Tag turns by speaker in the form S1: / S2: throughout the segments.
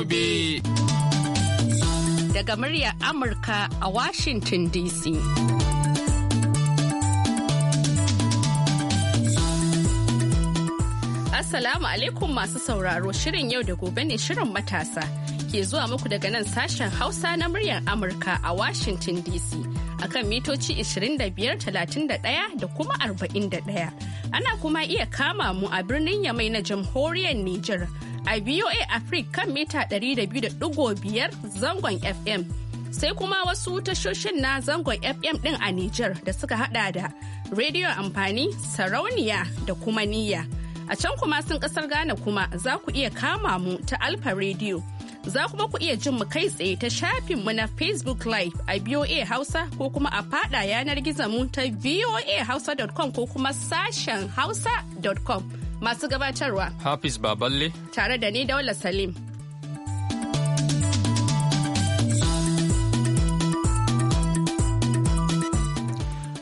S1: gobe. Daga muryar Amurka a Washington DC. Assalamu alaikum masu sauraro shirin yau da gobe ne shirin matasa ke zuwa muku daga nan sashen Hausa na muryar Amurka a Washington DC a kan mitoci 25,31 da kuma 41. Ana kuma iya kama mu a birnin Yamai na jamhuriyar Nijar. a VOA Africa kan mita 200.5 zangon FM. Sai kuma wasu tashoshin na zangon FM ɗin a Nijar da suka hada da Radio Amfani, Sarauniya da kuma Niyya. A can kuma sun ƙasar Ghana kuma za ku iya kama mu ta Alfa Radio. Za kuma ku iya jin mu kai tsaye ta shafin mu na Facebook Live a VOA Hausa ko kuma a fada yanar gizon mu ta voahausa.com ko kuma sashen hausa.com. Masu gabatarwa.
S2: Hafiz Baballe.
S1: Tare da ni daular Salim.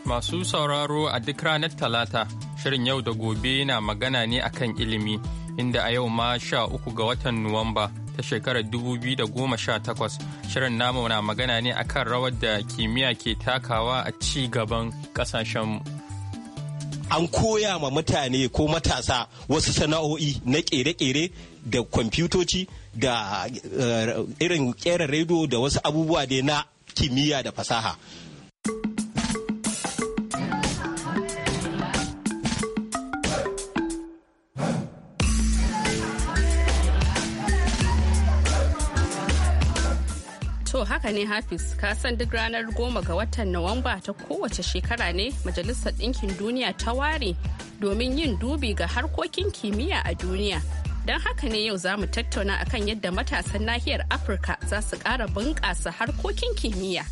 S2: Masu sauraro a duk ranar Talata, shirin yau da gobe na magana ne akan ilimi, inda a yau ma sha uku ga watan Nuwamba ta shekarar 2018 shirin namu na magana ne akan rawar da kimiyya ke takawa a ci gaban kasashenmu.
S3: an koya ma mutane ko matasa wasu sana'o'i na kere-kere da kwamfutoci da eh, irin kera rediyo da wasu abubuwa dai na kimiyya da fasaha
S1: haka ne Hafiz, ka san duk ranar goma ga watan Nuwamba ta kowace shekara ne Majalisar Ɗinkin Duniya ta ware domin yin dubi ga harkokin kimiyya a duniya. Don haka ne yau za mu tattauna akan yadda matasan nahiyar Afirka za su ƙara bunƙasa harkokin kimiyya.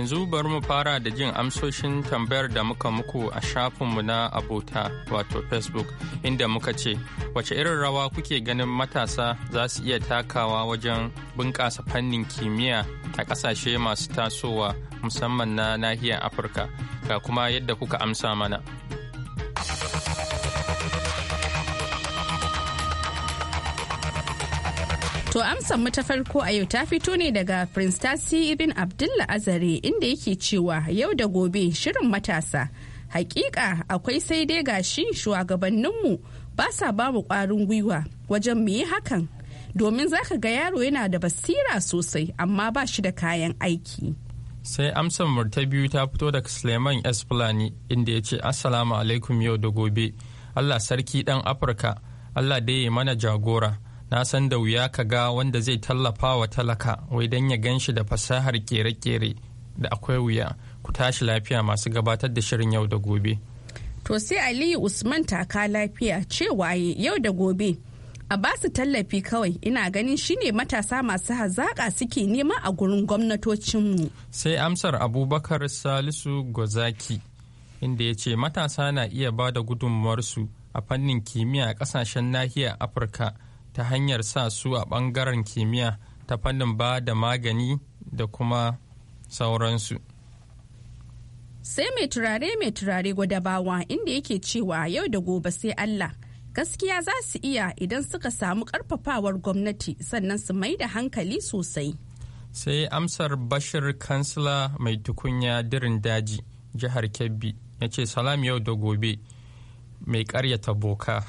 S2: yanzu bari mu fara da jin amsoshin tambayar da muka muku a shafinmu na abota wato facebook inda muka ce wace irin rawa kuke ganin matasa za su iya takawa wajen bunƙasa fannin kimiyya a ƙasashe masu tasowa musamman na nahiyar afirka ga kuma yadda kuka amsa mana
S1: To amsan mu ta farko a yau ta fito ne daga Prince Tasi Ibn Abdullah Azare inda yake cewa yau da gobe shirin matasa. Hakika akwai sai dai gashi shugabanninmu ba sa ba mu ƙwarin gwiwa wajen mu yi hakan domin za ka ga yaro yana da basira sosai amma ba shi da kayan aiki.
S2: Sai amsan ta biyu ta fito daga Suleiman S. Fulani inda ya ce Assalamu alaikum yau da gobe. Allah sarki dan Afirka, Allah dai mana jagora. na san da wuya ka ga wanda zai tallafa wa talaka wai don ya gan shi da fasahar kere-kere da akwai wuya ku tashi lafiya masu gabatar da shirin yau da gobe.
S1: To sai Aliyu Usman taka lafiya cewa yau da gobe a basu tallafi kawai ina ganin shine matasa masu hazaƙa suke nema a gurin gwamnatocinmu.
S2: Sai amsar Abubakar Salisu Gozaki inda ya ce matasa na iya ba da gudunmuwarsu a fannin kimiyya a ƙasashen nahiyar Afirka. ta hanyar sa su a ɓangaren kimiyya ta fannin ba da magani da kuma sauransu. Sai
S1: mai turare mai turare gwadabawa inda yake cewa yau da gobe sai Allah. Gaskiya za su iya idan suka samu karfafawar gwamnati sannan su mai da hankali sosai.
S2: Sai amsar Bashir kansila mai tukunya dirin daji jihar Kebbi ya ce salam yau da gobe mai karyata boka.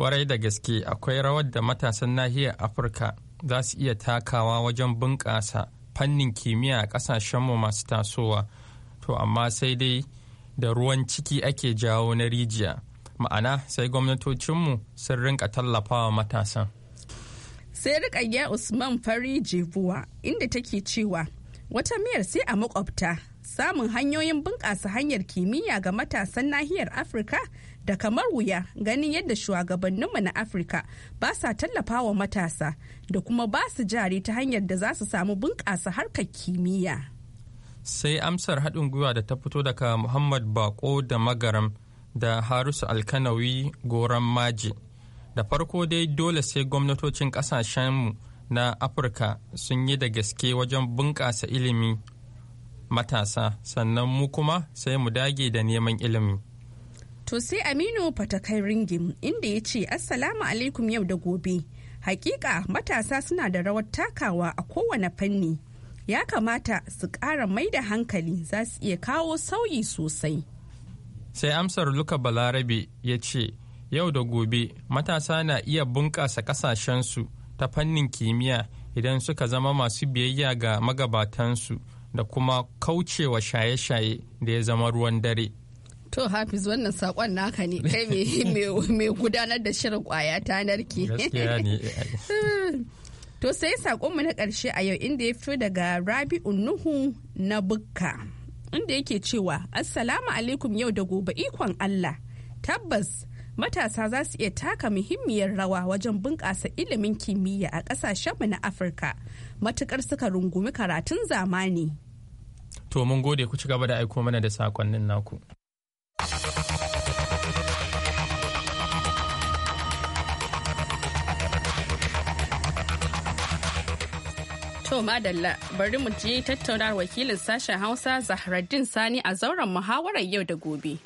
S2: kwarai da gaske akwai rawar da matasan nahiyar afirka za su iya takawa wajen bunƙasa fannin kimiyya a ƙasashenmu masu tasowa to amma sai dai da ruwan ciki ake jawo na rijiya ma'ana sai gwamnatocinmu sun rinka tallafawa matasan
S1: sai rikayya usman fari jebuwa inda take cewa wata miyar sai a makwabta samun hanyoyin bunƙasa hanyar kimiyya ga matasan nahiyar afirka da kamar wuya ganin yadda shugabanninmu na afirka ba sa tallafawa matasa da kuma ba su jari ta hanyar da za su samu bunƙasa harkar kimiyya
S2: sai amsar haɗin gwiwa da ta fito daga muhammad bako da magaram da harusu alkanawi goran maji da farko dai dole sai gwamnatocin ƙasashenmu na afirka sun yi da gaske wajen bunƙasa ilimi matasa sannan mu kuma sai mu dage da neman ilimi.
S1: To sai Aminu Fatakai Ringim inda ya ce Assalamu alaikum yau da gobe. Hakika matasa suna da rawar takawa a kowane fanni. Ya kamata su ƙara mai da hankali za su iya kawo sauyi sosai.
S2: Sai amsar Luka Balarabe ya ce, Yau da gobe matasa na iya bunƙasa ƙasashensu ta fannin kimiyya idan suka zama masu biyayya ga magabatansu. da kuma kaucewa shaye-shaye da ya zama ruwan dare.
S1: To Hafiz wannan sakon naka ne kai mai gudanar da shirin kwaya ta narki. Eh,
S2: eh.
S1: To sai mu na ƙarshe a yau inda ya fito daga Rabi'u Nuhu na Bukka. Inda yake cewa Assalamu alaikum yau da gobe ikon Allah. Tabbas matasa za su iya taka muhimmiyar rawa wajen bunƙasa ilimin kimiyya a ƙasashenmu na Afirka. matukar suka rungumi karatun zamani.
S2: To mun gode ku ci gaba da aiko mana da sakonnin naku.
S1: To madalla bari mu je tattaunawar wakilin sashen Hausa Zahraddin Sani a zauren muhawarar yau da gobe.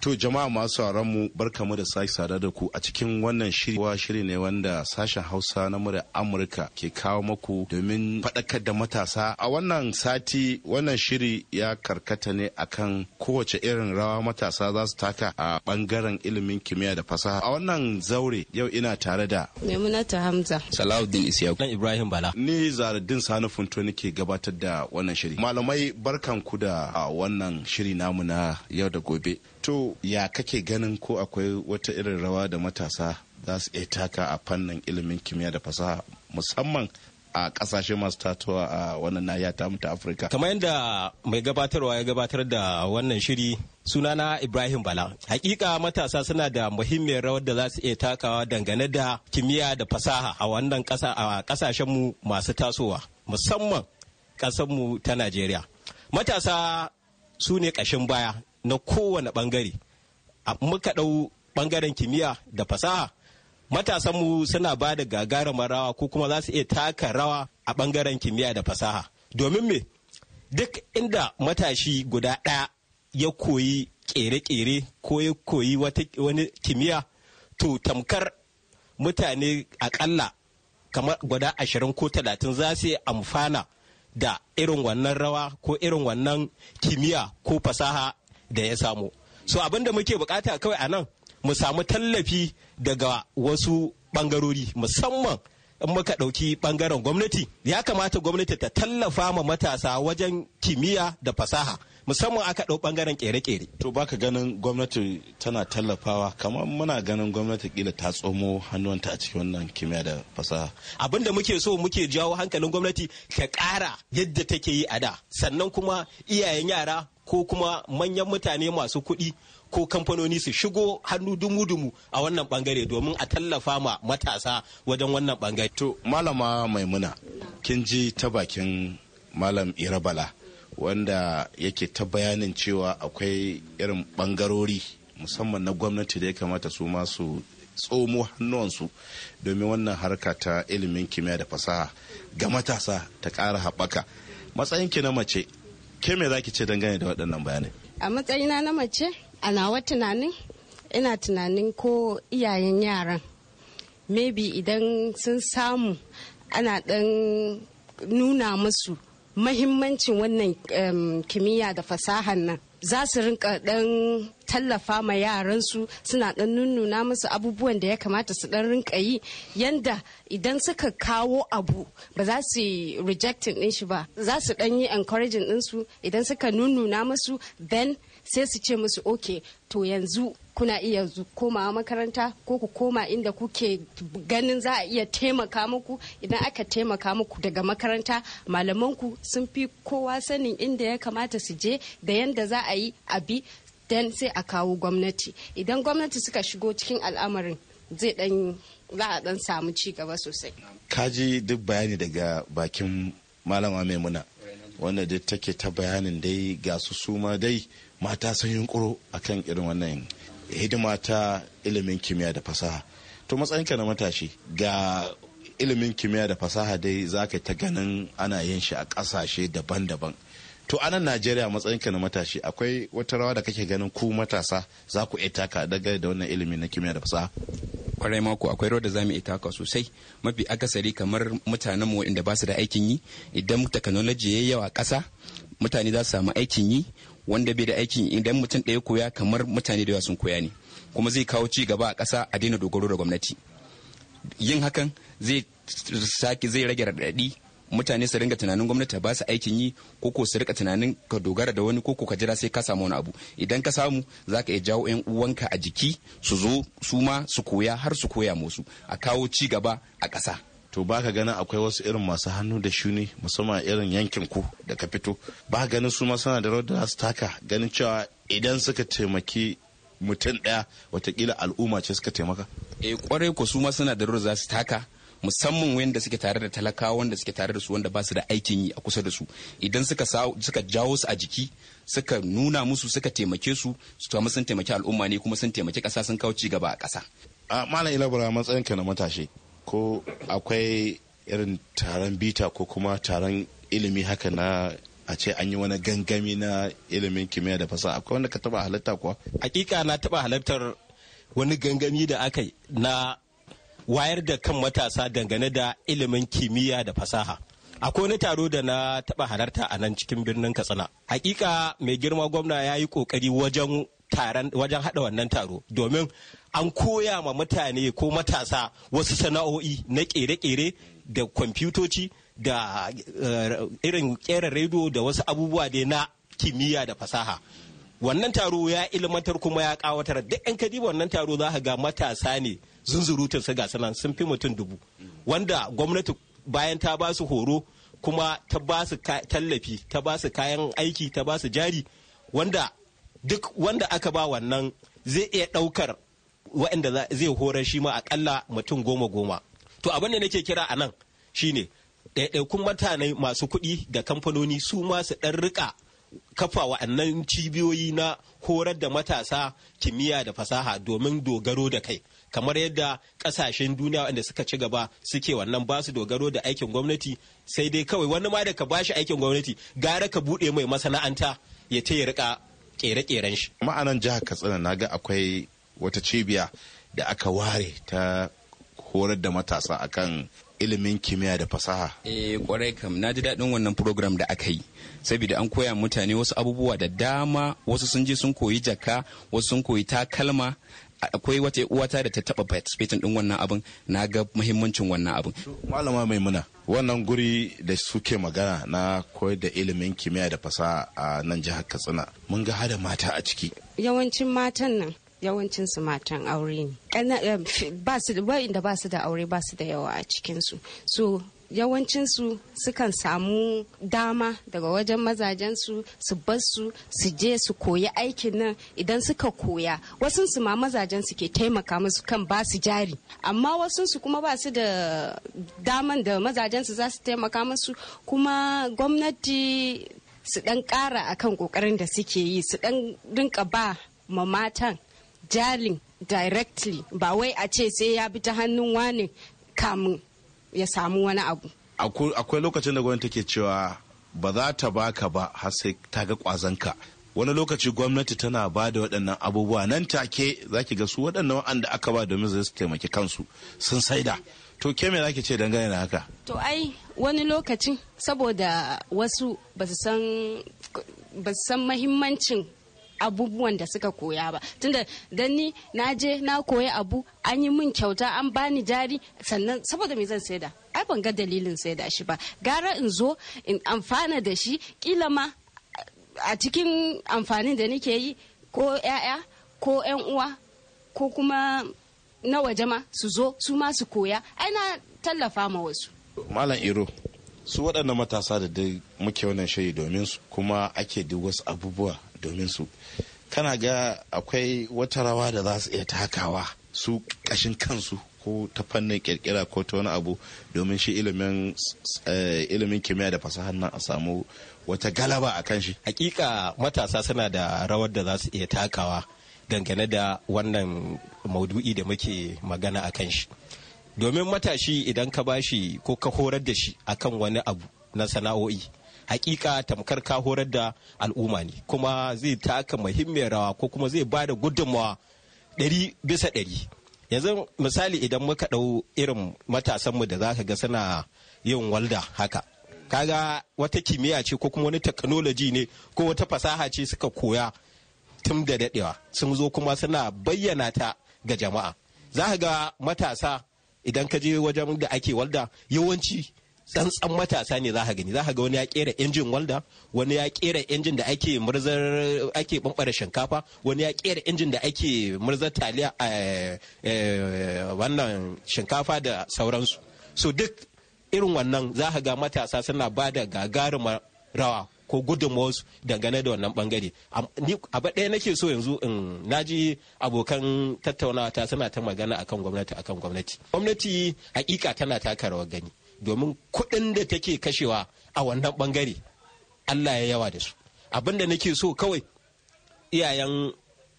S4: To jama'a masu mu barkamu da sake sada da ku a cikin wannan shirwa shiri ne wanda sashen Hausa na murya Amurka ke kawo maku domin faɗakar da matasa. A wannan sati wannan shiri ya karkata ne akan kowace irin rawa matasa za su taka a bangaren ilimin kimiyya da fasaha. A wannan zaure yau ina tare da
S5: Maimunata Hamza.
S4: Salahuddin Isiyaku. Dan Ibrahim Bala. Ni Zaradin Sani Funto nake gabatar da wannan shiri. Malamai ku da wannan shiri namu na yau da gobe. To ya kake ganin ko akwai wata irin rawa da matasa za su iya taka a fannin ilimin kimiyya da fasaha musamman a kasashe masu tatuwa a wannan nahiya ta ta afirka kamar
S3: yadda mai gabatarwa ya gabatar da wannan shiri sunana ibrahim bala hakika matasa suna da muhimmiyar rawar da za su iya takawa dangane da kimiyya da fasaha a wannan kasa a kasashenmu masu tasowa musamman kasanmu ta najeriya matasa su ne ƙashin baya na kowane bangare muka ɗau bangaren kimiyya da fasaha matasanmu suna ba da gagarumar rawa ko kuma za su iya taka rawa a bangaren kimiyya da fasaha domin me duk inda matashi guda ɗaya ya koyi ƙere-ƙere ko ya koyi wani kimiyya to tamkar mutane akalla kamar guda ashirin ko talatin za su amfana da irin wannan rawa ko irin wannan kimiyya ko fasaha da ya samu so abin da muke bukata kawai a nan mu samu tallafi daga wasu bangarori musamman in muka ɗauki ɓangaren gwamnati ya kamata gwamnati ta tallafa ma matasa wajen
S4: kimiyya da fasaha musamman aka dau bangaren kere kere. to baka ganin gwamnati tana tallafawa kamar muna ganin gwamnati kila ta tsomo hannuwanta a cikin wannan kimiyya da fasaha
S3: abin da muke so muke jawo hankalin gwamnati ta kara yadda take yi a da sannan kuma iyayen yara ko kuma manyan mutane masu kuɗi ko kamfanoni su
S4: shigo hannu dumu-dumu a wannan bangare domin a tallafa ma matasa wajen wannan bangare. To malama maimuna kin ji ta bakin malam irabala wanda yake ta bayanin cewa akwai irin bangarori musamman na gwamnati da ya kamata su masu tsomo hannuwansu domin wannan harka ta ilimin kimiyya da fasaha ga matasa ta ƙara haɓaka matsayinki na mace ke me zaki ce dangane da waɗannan bayanai
S5: a matsayina na mace a nawa tunanin ina tunanin ko iyayen yaran maybe idan sun samu ana ɗan nuna musu mahimmancin wannan kimiyya da fasahan nan za su rinka ɗan tallafa ma yaransu suna dan nunnuna musu abubuwan da ya kamata su dan rinka yi yanda idan suka kawo abu ba za su rejectin din shi ba za su dan yi encouraging din su idan suka nunnuna musu then sai su ce musu oke to yanzu kuna iya komawa makaranta ko ku koma inda kuke ganin za a iya taimaka muku idan aka taimaka muku daga makaranta malamanku sun fi kowa sanin inda ya kamata su je da yanda za a yi abi dan sai a kawo gwamnati idan gwamnati suka shigo cikin al'amarin zai dan za a dan samu ci gaba sosai
S4: kaji duk bayani daga bakin malama maimuna wanda duk take ta bayanin dai ga su suma dai mata sun yi a kan irin wannan hidima ta ilimin kimiyya da fasaha to matsayinka na matashi ga ilimin kimiyya da fasaha dai za ka ta ganin ana yin shi a ƙasashe daban-daban to anan najeriya matsayinka na matashi akwai wata rawa da kake ganin ku matasa za ku iya taka daga da wannan ilimi na kimiyya da fasaha kwarai mako akwai rawar da mu iya taka sosai mafi
S6: akasari kamar mutanenmu inda ba su da aikin yi idan technology yi yawa ƙasa mutane za su samu aikin yi wanda bai da aikin idan mutum ɗaya koya kamar mutane da yawa sun koya ne kuma zai kawo ci gaba a ƙasa a daina dogaro da gwamnati yin hakan zai sake zai rage raɗaɗi mutane su ringa tunanin gwamnati ta ba su aikin yi ko ko su rika tunanin ka dogara da wani ko ko ka jira sai ka samu wani abu idan ka samu za ka iya jawo yan uwanka
S4: a jiki su zo su ma su koya har su koya musu a kawo ci gaba a ƙasa. to ba ka ganin akwai wasu irin masu hannu da shuni musamman irin yankin ku da ka fito ba ganin su ma suna da rawar da su taka ganin cewa idan suka taimaki mutum daya watakila al'umma ce suka taimaka. e eh, kwarai ko su ma suna da rawar za su
S6: taka musamman wanda suke tare da talakawa wanda suke tare da su wanda ba su da aikin yi a kusa da su idan suka suka jawo su a jiki suka nuna musu suka taimake su su kama sun taimaki al'umma ne kuma sun taimaki ƙasa sun kawo ci gaba a ƙasa.
S4: a malam matsayin ka na matashi ko akwai irin taron bita ko kuma taron ilimi haka na a ce an yi wani gangami na ilimin kimiyya da fasaha akwai wanda ka taba halatta kuwa hakika na taba
S3: halartar wani gangami da aka yi na wayar da kan matasa dangane da ilimin kimiyya da fasaha akwai wani taro da na taba halarta a nan cikin birnin katsina hakika mai girma gwamna ya yi ƙoƙari wajen taron wajen haɗa wannan taro domin an koya ma mutane ko matasa wasu sana'o'i na ƙere-ƙere da kwamfutoci da eh, irin ƙera rediyo da wasu abubuwa dai na kimiyya da fasaha wannan taro ya ilmantar kuma ya ƙawatar duk 'yan kadiba wannan taro za ga matasa ne zunzurutun su gasa nan sun fi mutum dubu wanda gwamnati bayan ta basu horo kuma ta ba tallafi ta ba kayan aiki ta ba jari wanda duk wanda aka ba wannan zai iya ɗaukar waɗanda zai horar shi ma akalla mutum goma goma to abin da nake kira a nan shine ɗaiɗaikun mutane masu kuɗi da kamfanoni su ma su ɗan rika kafa wa'annan cibiyoyi na horar da matasa kimiyya da fasaha domin dogaro da kai kamar yadda kasashen duniya wanda suka ci gaba suke wannan ba su dogaro da aikin gwamnati sai dai kawai wani ma da ka bashi aikin gwamnati gara ka bude mai masana'anta ya ta rika kere-keren shi
S4: ma'anan jihar katsina na ga akwai wata cibiya da aka ware ta horar da matasa akan ilimin kimiyya da fasaha. Eh kwarai kam na ji daɗin wannan program da aka yi saboda an
S6: koya mutane wasu abubuwa da dama wasu sun je sun koyi jaka wasu sun koyi takalma
S4: akwai wata uwata da ta taba participating din wannan abin na ga muhimmancin wannan abin malama maimuna wannan guri da suke magana na koyar da ilimin kimiyya da fasaha a nan jihar katsina mun ga hada mata a ciki
S5: yawancin matan nan yawancin su matan aure ne eh, ba su da aure ba su da yawa a cikin su so yawancinsu sukan samu dama daga wajen mazajensu su basu su je su koyi aikin nan idan suka koya wasunsu ma mazajen su ke taimaka musu kan ba su jari amma wasunsu kuma ba su da daman da mazajensu za su taimaka musu kuma gwamnati su dan kara akan kokarin da suke yi su dan rinka ba ma matan jalin directly ba wai a ce sai ya bi ta hannun wani kamun ya samu wani abu
S4: akwai lokacin da gwamnati take cewa ba za ta baka ba har sai ta ga kwazanka wani lokaci gwamnati tana ba da waɗannan abubuwa nan take za ki ga su waɗannan waɗanda aka ba domin su taimaki kansu sun saida to ke me ki ce dangane da haka
S5: to ai wani lokacin saboda wasu ba su san mahimmancin abubuwan da suka koya ba tunda dan ni na je na koyi abu an yi min kyauta an bani jari sannan saboda me zan saida ai ban ga dalilin da shi ba gara in zo in amfana da shi kila ma a cikin amfanin da nake yi ko 'ya'ya ko 'yan uwa ko kuma na waje ma su zo su ma su koya ai na tallafa ma wasu
S4: malam iro su waɗannan matasa da dai muke wannan shayi domin su kuma ake duk wasu abubuwa domin su kana ga akwai wata rawa da za su iya takawa su kashin kansu ko ta fannin kirkira ko ta wani abu domin shi eh, ilimin kimiyya da fasahar nan a samu wata galaba a kan shi hakika matasa suna da rawar da za su iya takawa dangane da
S3: wannan maudu'i da muke magana a kan shi domin matashi idan ka bashi ko ka horar da shi akan wani abu na sana'o'i hakika tamkar ka horar da al'umma ne kuma zai taka muhimmiyar rawa ko kuma zai bada gudunmawa ɗari bisa ɗari yanzu misali idan muka ɗau irin matasanmu da za ka ga suna yin walda haka kaga wata kimiyya ce ko kuma wani technology ne ko wata fasaha ce suka koya tun da daɗewa sun zo kuma suna bayyana ta ga jama'a za ka ga matasa idan ka je wajen da ake walda yawanci tsantsan matasa ne za ka gani za ka ga wani ya kera injin walda wani ya kera injin da ake murzar ake bambara shinkafa wani ya kera injin da ake murzar taliya eh, eh, wannan shinkafa da sauransu so duk irin wannan za ka ga matasa suna ba da gagarumar rawa ko gudunmawarsu dangane da wannan bangare abu ɗaya nake so yanzu in naji abokan tattaunawa ta suna ta magana akan gwamnati akan gwamnati gwamnati hakika tana taka rawar gani domin kuɗin da take kashewa a wannan bangare Allah ya yawa da su abin da nake so kawai iyayen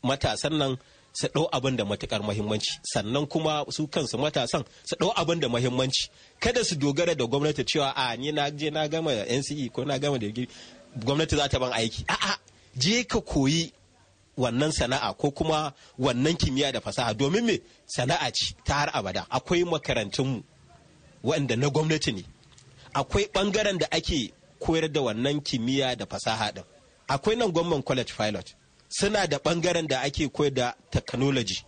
S3: matasan nan su ɗau abin da matukar mahimmanci sannan kuma su kansu matasan su ɗau abin da mahimmanci kada su dogara da gwamnati cewa a ni na je na gama NCE ko na gama da gwamnati za ta ban aiki a'a je ka koyi wannan sana'a ko kuma wannan kimiyya da fasaha domin me sana'a ce ta har abada akwai makarantunmu waɗanda na gwamnati ne akwai ɓangaren da ake koyar da wannan kimiyya da fasaha ɗin akwai nan gwamnan college pilot suna da ɓangaren da ake koyar da technology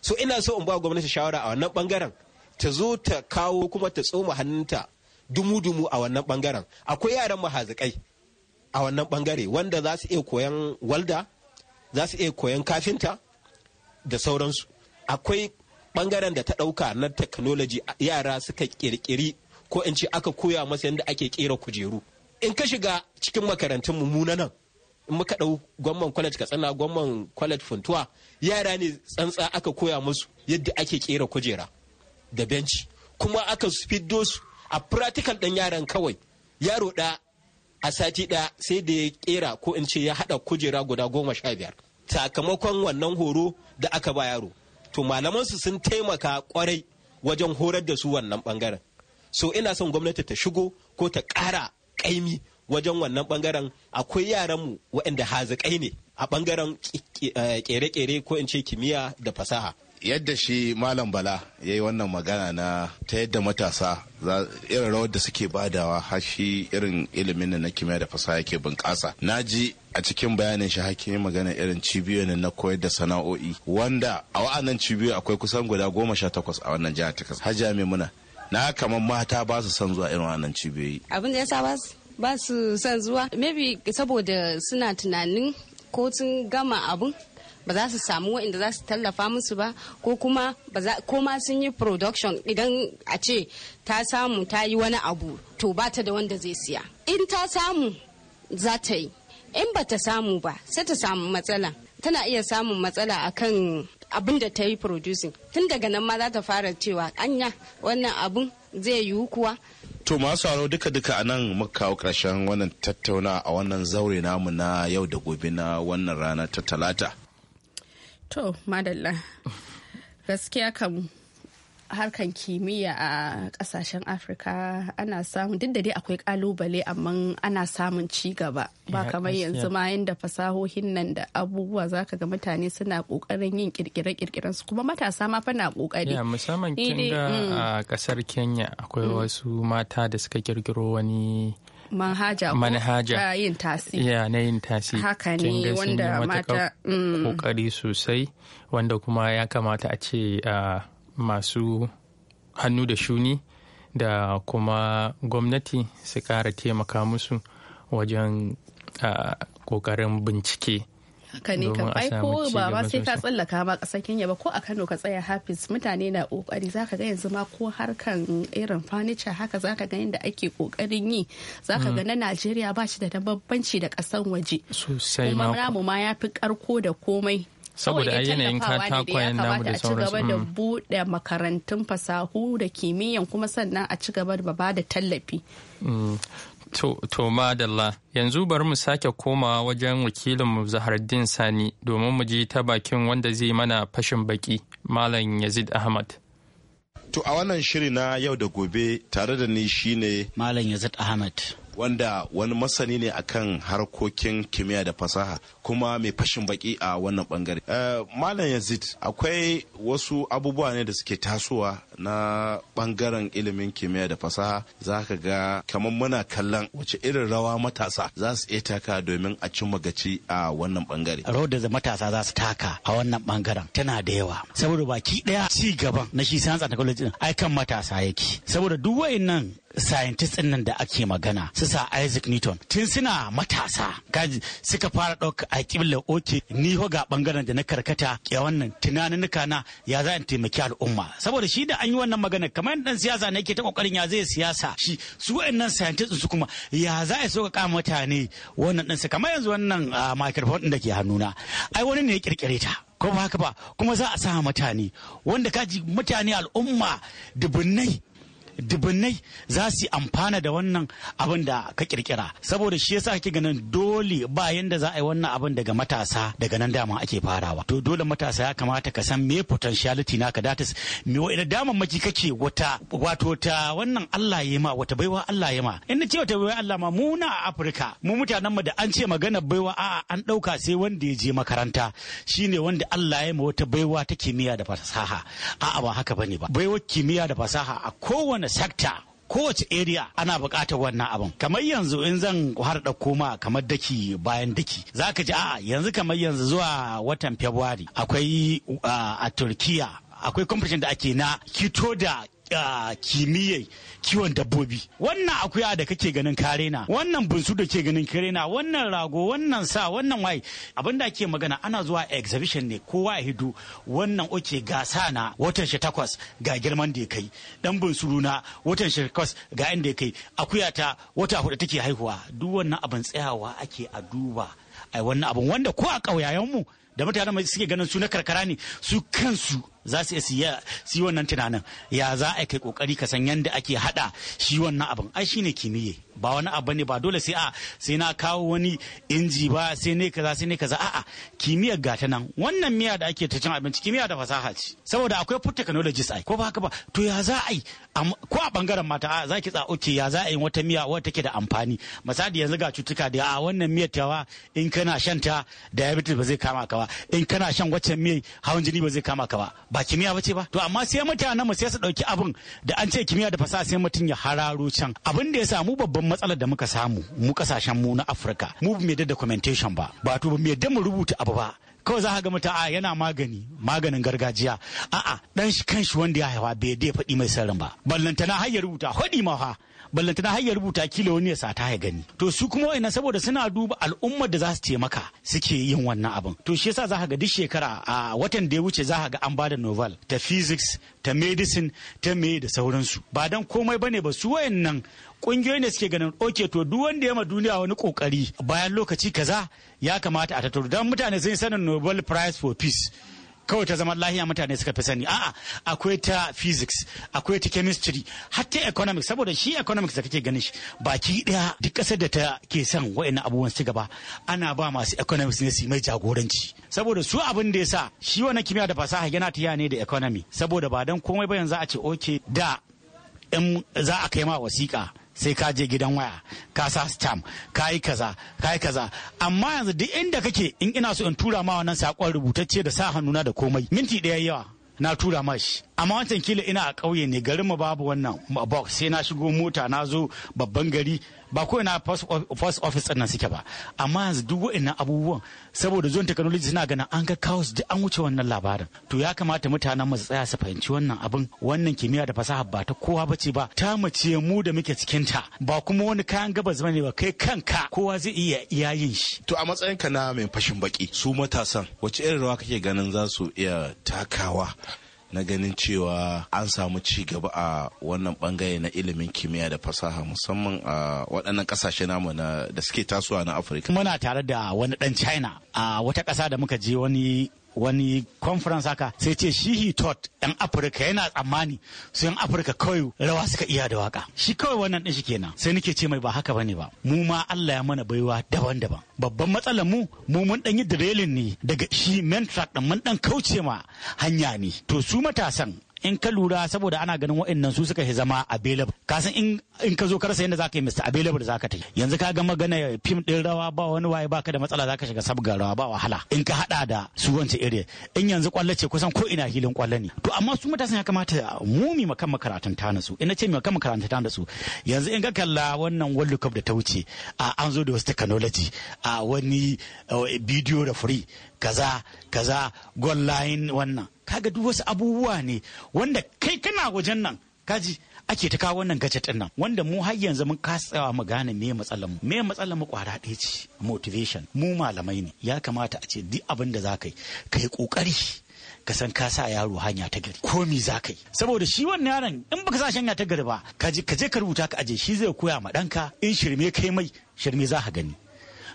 S3: so ina so in ba gwamnati shawara a wannan ɓangaren ta zo ta kawo kuma ta tsoma hannunta dumu-dumu a wannan ɓangaren akwai yaran mahazikai a wannan ɓangare wanda za su iya koyan walda za su iya koyan kafinta da sauransu akwai bangaren da ta ɗauka na technology yara suka kirkiri ko in ce aka koya masa yadda ake kera kujeru in ka shiga cikin makarantun mu nan in muka ɗau gwamnan college katsina gwamnan college funtuwa yara ne tsantsa aka koya musu yadda ake kera kujera da benci kuma aka fiddo su a practical ɗan yaran kawai yaro ɗa a sati ɗaya sai da ya kera ko in ce ya haɗa kujera guda goma sha biyar sakamakon wannan horo da aka ba yaro to malamansu sun taimaka kwarai wajen horar da su wannan bangaren so ina son gwamnati ta shigo ko ta ƙara ƙaimi wajen wannan bangaren akwai yaranmu waɗanda haziƙai ne a bangaren eh, kere-kere ko in ce kimiyya da
S4: fasaha yadda shi malam bala ya yi wannan magana na ta yadda matasa irin rawar da suke badawa har shi irin ilimin da na kimiyya da fasaha yake bunƙasa na ji a cikin bayanin shi hakimin magana irin cibiyoyin na koyar da sana'o'i wanda a wa'annan cibiyoyi akwai kusan guda goma sha takwas a wannan jihar takas hajiya muna na kamar mata ba su son zuwa irin wa'annan cibiyoyi
S5: abin da ya sa ba su son zuwa maybe saboda suna tunanin ko sun gama abun. ba za su samu waɗanda za su tallafa musu ba ko kuma ko ma sun yi production idan a ce ta samu ta yi wani abu to ba ta da wanda zai siya in ta samu za ta yi in ba ta samu ba sai ta samu matsala tana iya samun matsala akan abin da ta yi producing tun daga nan ma za ta fara cewa anya wannan abun zai yiwu kuwa
S4: To masu haro duka-duka a nan muka kawo ƙarshen wannan tattauna a wannan zaure namu na yau da gobe na wannan rana ta talata.
S1: To, madalla. Gaskiya kam harkan kimiyya a kasashen afirka ana samun duk da dai akwai kalubale amma ana samun ci gaba ba kamar yanzu ma yadda fasahohin nan da abubuwa zaka ga mutane suna kokarin yin kirkire-kirkiren su kuma matasa ma fana kokari ya
S2: musamman kin mm. a kasar kenya akwai mm. wasu mata da suka kirkiro wani
S1: manhaja manhaja yin tasi ya
S2: na yin tasi haka ne wanda mata kokari mm. sosai wanda kuma ya kamata a ce masu hannu da shuni da kuma gwamnati su kara taimaka musu wajen kokarin bincike haka ne ka bai ko ba ma sai ka
S1: tsallaka ma kasar Kenya ba ko a Kano ka tsaya Hafiz mutane na kokari zaka ga yanzu ma ko harkan irin furniture haka zaka ga yanda ake kokarin yi zaka ga mm. na Najeriya ba shi da bambanci da kasan waje sosai ma mu ma ya karko da komai saboda a yanayin katakwayen namu da sauransu. a ci gaba da mm. bude makarantun fasahu da kimiyyan kuma sannan a ci gaba da ba da tallafi.
S2: Mm. To, to madalla yanzu bari mu sake komawa wajen wakilinmu Zahardin Sani domin mu ji ta bakin wanda zai mana fashin baki Malam Yazid Ahmad.
S4: To a wannan shiri na yau da gobe tare da ni shine Malam Yazid Ahmad. wanda wani masani ne akan harkokin kimiyya da fasaha kuma mai fashin baki a wannan bangare. Eh, Malam Yazid akwai wasu abubuwa ne da suke tasowa na bangaren ilimin kimiyya da fasaha za ka ga kamar muna kallon wace irin rawa matasa za su iya taka domin
S7: a cimma gaci a wannan bangare. Rawar da matasa za su taka a wannan bangaren tana da yawa saboda baki daya ci gaban na shi science and technology aikan matasa yake saboda duk wayannan scientist nan da ake magana su sa Isaac Newton tun suna matasa kaji suka fara ɗauka a ƙibla oke ni ho ga bangaren da na karkata ya wannan tunanin na ya za in taimaki al'umma saboda shi da an yi wannan magana kamar yadda ɗan siyasa ne ke ta kokarin ya zai siyasa shi su wa'annan scientist su kuma ya za a so ka mutane wannan ɗinsa kamar yanzu wannan microphone ɗin da ke hannuna ai wani ne ya ƙirƙire ta ko ba haka ba kuma za a sa mutane wanda kaji mutane al'umma dubunnai dubunai za su amfana da wannan abin da ka kirkira saboda shi yasa kake ganin dole ba yanda za a yi wannan abin daga matasa daga nan dama ake farawa to dole matasa ya kamata ka san me potentiality naka datas me wa'ina damammaki kake wata wato ta wannan Allah ya ma wata baiwa Allah ya ma in na ce wata baiwa Allah ma mu na Afirka mu mutanen mu da an ce magana baiwa a'a an dauka sai wanda ya je makaranta shine wanda Allah ya yi ma wata baiwa ta kimiyya da fasaha a'a ba haka bane ba baiwa kimiyya da fasaha a kowane kowane sakta kowace area ana bukatar wannan abin kamar yanzu in zan har da koma kamar daki bayan daki za ka ji a yanzu kamar yanzu zuwa watan february akwai uh, a turkiya akwai kwamfashin da ake na kito da kimiyyar kiwon dabbobi wannan akuya da kake ganin kare na wannan bunsu da ke ganin kare na wannan rago wannan sa wannan waye abinda da ake magana ana zuwa exhibition ne kowa ya hidu wannan oke gasa na watan shi takwas ga girman da ya kai dan bunsu na watan shi takwas ga inda ya kai akuya ta wata hudu take haihuwa duk wannan abin tsayawa ake a duba ai wannan abin wanda ko a ƙauyayenmu da mutane suke ganin su na karkara ne su kansu za su iya si wannan tunanin ya za a kai kokari ka san yadda ake hada shi wannan abin ai shine kimiyya ba wani abu ne ba dole sai a sai na kawo wani inji ba sai ne kaza sai ne kaza a'a kimiyyar gata nan wannan miya da ake ta cin abinci kimiyya da fasaha ce saboda akwai food technologies ai ko ba haka ba to ya za a yi ko a bangaren mata a za ki tsa oke ya za a yi wata miya wata take da amfani misali yanzu ga cutuka da a wannan miyar tawa in kana shan ta diabetes ba zai kama ka ba in kana shan waccan miyar hawan jini ba zai kama ka ba ba kimiyya bace ba to amma sai mutanen mu sai su dauki abin da an ce kimiyya da fasaha sai mutum ya hararo can abin da ya samu babban matsalar da muka samu mu kasashen mu na Afirka mu bai da documentation ba ba to ba mu yadda mu rubuta abu ba kawai za ka ga mata a yana magani maganin gargajiya a'a dan shi kanshi wanda ya haifa bai da faɗi mai sarin ba ballantana har ya rubuta faɗi ma fa ballantana har ya rubuta kila wani ya sata ya gani to su kuma wa'ina saboda suna duba al'ummar da za su taimaka suke yin wannan abin to shi yasa za ka ga duk shekara a watan da ya wuce za ka ga an ba da novel ta physics ta medicine ta me da sauransu ba dan komai bane ba su wayannan kungiyoyi ne suke ganin oke to duk wanda ya ma duniya wani kokari bayan lokaci kaza ya kamata a tattaro dan mutane sun sanin Novel Prize for Peace kawai ta zaman lahiya mutane suka fi sani a'a akwai ta physics akwai ta chemistry hatta ta economics saboda shi economics da kake ganin shi baki daya duk kasar da ta ke son wa'annan abubuwan su gaba ana ba masu economics ne su mai jagoranci saboda su abin da ya sa shi wani kimiyya da fasaha yana ta ne da economy saboda ba dan komai ba yanzu a ce okay da in za a kai ma wasiƙa sai ka je gidan waya ka sa stamp ka yi kaza ka yi kaza amma yanzu duk inda kake in ina so in tura ma wannan sakon rubutacce da sa hannuna da komai minti ɗaya yawa na tura ma shi amma wancan kila ina a ƙauye ne garin mu babu wannan box sai na shigo mota na zo babban gari ba ko ina first office ɗin nan suke ba amma yanzu duk wa'annan abubuwan saboda zuwan technology suna ganin an ga su da an wuce wannan labarin to ya kamata mutanen mu su tsaya su fahimci wannan abin wannan kimiyya da fasaha ba ta kowa bace ba ta mace mu da muke cikin ta ba kuma wani kayan gabas bane ba kai kanka kowa zai iya yin shi
S4: to a matsayin ka na mai fashin baki su matasan wace irin rawa kake ganin za su iya takawa na ganin cewa an samu ci gaba a wannan bangare na ilimin kimiyya da fasaha musamman a waɗannan ƙasashe namu na da suke tasowa na afirka muna tare
S7: da wani ɗan china a wata ƙasa da muka je wani wani conference haka sai ce shi he taught yan afirka yana tsammani su yan afirka kawai rawa suka iya da waka shi kawai wannan din shi kenan sai nake ce mai ba haka bane ba mu ma Allah ya mana baiwa daban-daban babban matsalar mu mu mun dan yi drilling ne daga shi main track din mun ɗan kauce ma hanya ne to su matasan in ka lura saboda ana ganin wa'annan su suka zama available ka san in ka zo ka rasa yadda zaka yi Mr. available zaka ta yanzu ka ga magana fim ɗin rawa ba wani waye baka da matsala zaka shiga sabga rawa ba wahala in ka hada da su wancan iri in yanzu kwallo ce kusan ko ina hilin kwallo ne to amma su matasan ya kamata mu mi makan makarantun ta su ina ce mi makan makarantun ta su yanzu in ka kalla wannan World Cup da ta wuce a an zo da wasu technology a wani bidiyo eh, da free kaza kaza goal wannan kaga duk wasu abubuwa ne wanda kai kana wajen nan kaji ake ta kawo wannan gadget din nan wanda mu har yanzu mun kasawa mu gane me matsalar mu me matsalar mu kwara ɗaya ce motivation mu malamai ne ya kamata a ce duk abin da zaka yi kai kokari ka san ka sa yaro hanya ta gari ko mi za saboda shi wannan yaron in baka sa hanya ta gari ba ka je ka rubuta ka aje shi zai koya ma ɗanka in shirme kai mai shirme za ka gani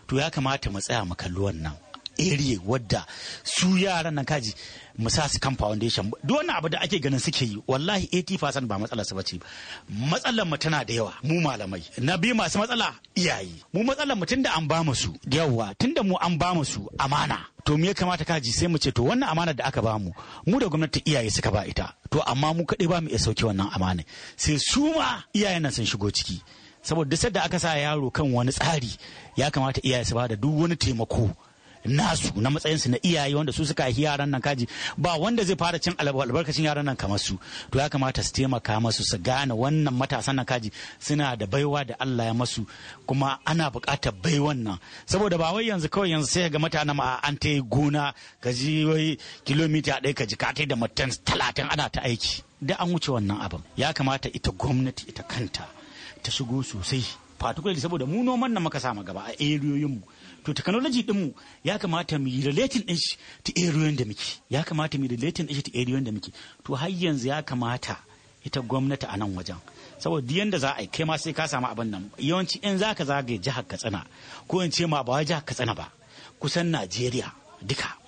S7: to ya kamata mu tsaya mu kalli wannan area wadda su yaran nan kaji mu sa su kan foundation duk abu da ake ganin suke yi wallahi 80% ba matsala su bace matsalar mu tana da yawa mu malamai na biyu masu matsala iyaye mu matsalar mu tunda an ba mu su yawa tunda mu an ba mu su amana to me ya kamata kaji sai mu ce to wannan amana da aka bamu mu da gwamnati iyaye suka ba ita to amma mu kaɗai ba mu iya sauki wannan amana sai su ma iyayen nan sun shigo ciki saboda duk da aka sa yaro kan wani tsari ya kamata iyaye su ba da duk wani taimako nasu na matsayinsu na iyaye wanda su suka haifi yaran nan kaji ba wanda zai fara cin albarkacin yaran nan kamar su to ya kamata su taimaka masu su gane wannan matasan nan kaji suna da baiwa da Allah ya masu kuma ana bukatar baiwan nan saboda ba wai yanzu kawai yanzu sai ga mutanen ma an ta yi gona ka ji wai kilomita ɗaya ka ji ka da mutum talatin ana ta aiki da an wuce wannan abin ya kamata ita gwamnati ita kanta ta shigo sosai particularly saboda mu noman nan muka sama gaba a eriyoyinmu mu to technology dinmu ya kamata mu yi relating din shi ta area da muke ya kamata mu yi relating din shi ta area da muke to har yanzu ya kamata ita gwamnati a nan wajen saboda duk yanda za a kai ma sai ka samu abin nan yawanci in zaka zagaye jihar katsina ko in ce ma ba jihar katsina ba kusan najeriya duka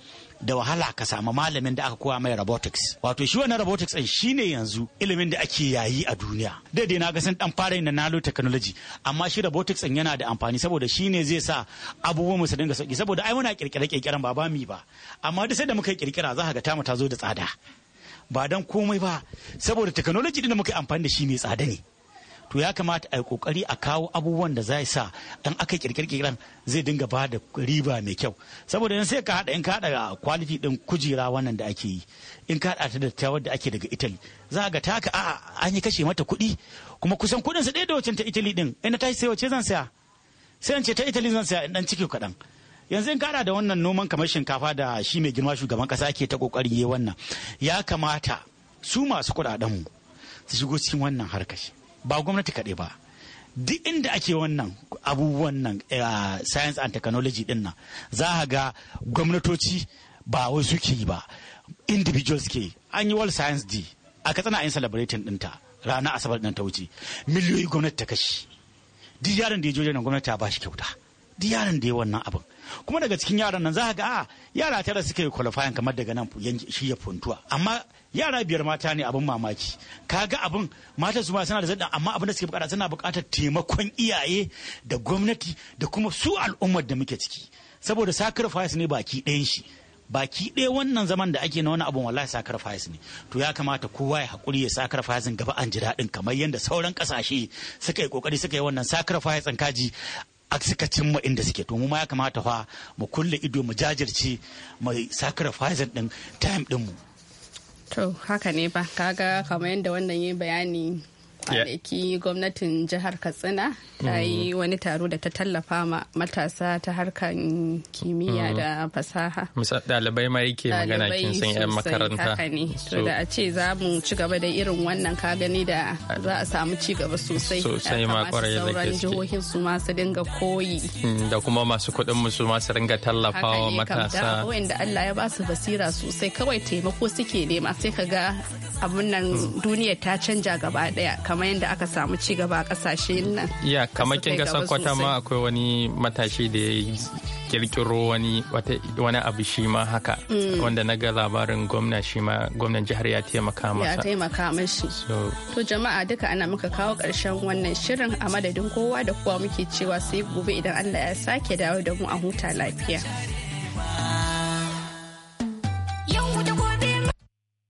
S7: da wahala ka samu malamin da aka koya mai robotics wato shi wannan robotics din shine yanzu ilimin da ake yayi a duniya dai dai na ga sun dan fara yin nano technology amma shi robotics din yana da amfani saboda ne zai sa abubuwan mu su dinga sauki saboda ai muna kirkire kirkiren ba ba mi ba amma duk sai da muka kirkira za ka ga tamu ta zo da tsada ba dan komai ba saboda technology din da muka amfani da shi mai tsada ne to ya kamata a yi kokari a kawo abubuwan da zai sa dan aka kirkirkiran zai dinga ba da riba mai kyau saboda yanzu sai ka hada in ka hada quality din kujera wannan da ake yi in ka hada ta da ta wadda ake daga Italy za ga taka a an yi kashe mata kuɗi kuma kusan kuɗin su ɗaya da wacin ta Italy din ina ta sai wace zan saya sai in ce ta Italy zan saya in dan ciki kaɗan yanzu in kara da wannan noman kamar shinkafa da shi mai girma shugaban kasa ake ta kokari yi wannan ya kamata su masu kuɗaɗen mu su shigo cikin wannan harkashi ba gwamnati kaɗai ba duk inda ake wannan abubuwan nan eh, science and technology din nan za a ga gwamnatoci ba wai suke yi ba individuals ke an yi world science day a katsina a yin celebrating ɗinta rana asabar ɗin ta wuce miliyoyi gwamnati ta kashi duk yaron da ya jojo nan gwamnati ba shi kyauta duk yaron da ya wannan abin kuma daga cikin yaran nan za ka ga a ah, yara tara suka yi qualifying kamar daga nan shi ya funtuwa amma yara biyar mata ne abin mamaki ka ga abin mata su ma suna da zaɗa amma abin da suke bukata suna bukatar taimakon iyaye da gwamnati da kuma su al'ummar da muke ciki saboda sacrifice ne baki ɗayan shi baki ɗaya wannan zaman da ake na wani abun wallahi sacrifice ne to ya kamata kowa ya hakuri ya sacrifice gaba an ji daɗin kamar yadda sauran ƙasashe suka yi kokari suka yi wannan sacrifice kaji a suka cimma inda suke to mu ma ya kamata fa mu kulle ido mu jajirce mu sacrifice din time din mu
S1: to haka ne ba kaga kamar yadda wannan yi bayani kwanaki gwamnatin jihar katsina ta mm. yi wani taro da ta tallafa matasa ta harkar kimiyya mm. da fasaha
S2: dalibai ma yake magana kin san yan makaranta So da a
S1: ce za mu ci gaba da irin wannan ka gani da za a samu ci gaba sosai sosai ma kwarai da sauran jihohin su masu dinga koyi
S2: mm, da kuma masu kuɗin mu su masu su tallafa wa matasa wanda
S1: Allah ya basu basira sosai kawai taimako suke nema sai ka ga abun nan duniyar ta canja gaba ɗaya. kamar yadda aka samu ci gaba a kasashen nan
S2: ya kamar kin ga sakwata ma akwai wani matashi da ya kirkiro wani wani abu shi ma haka mm. wanda na ga labarin gwamna shi ma gwamnan jihar ya taimaka masa ya taimaka mashi
S1: to jama'a duka ana muka kawo ƙarshen wannan shirin a madadin kowa da kowa muke cewa sai gobe idan Allah ya sake dawo da mu a huta
S7: lafiya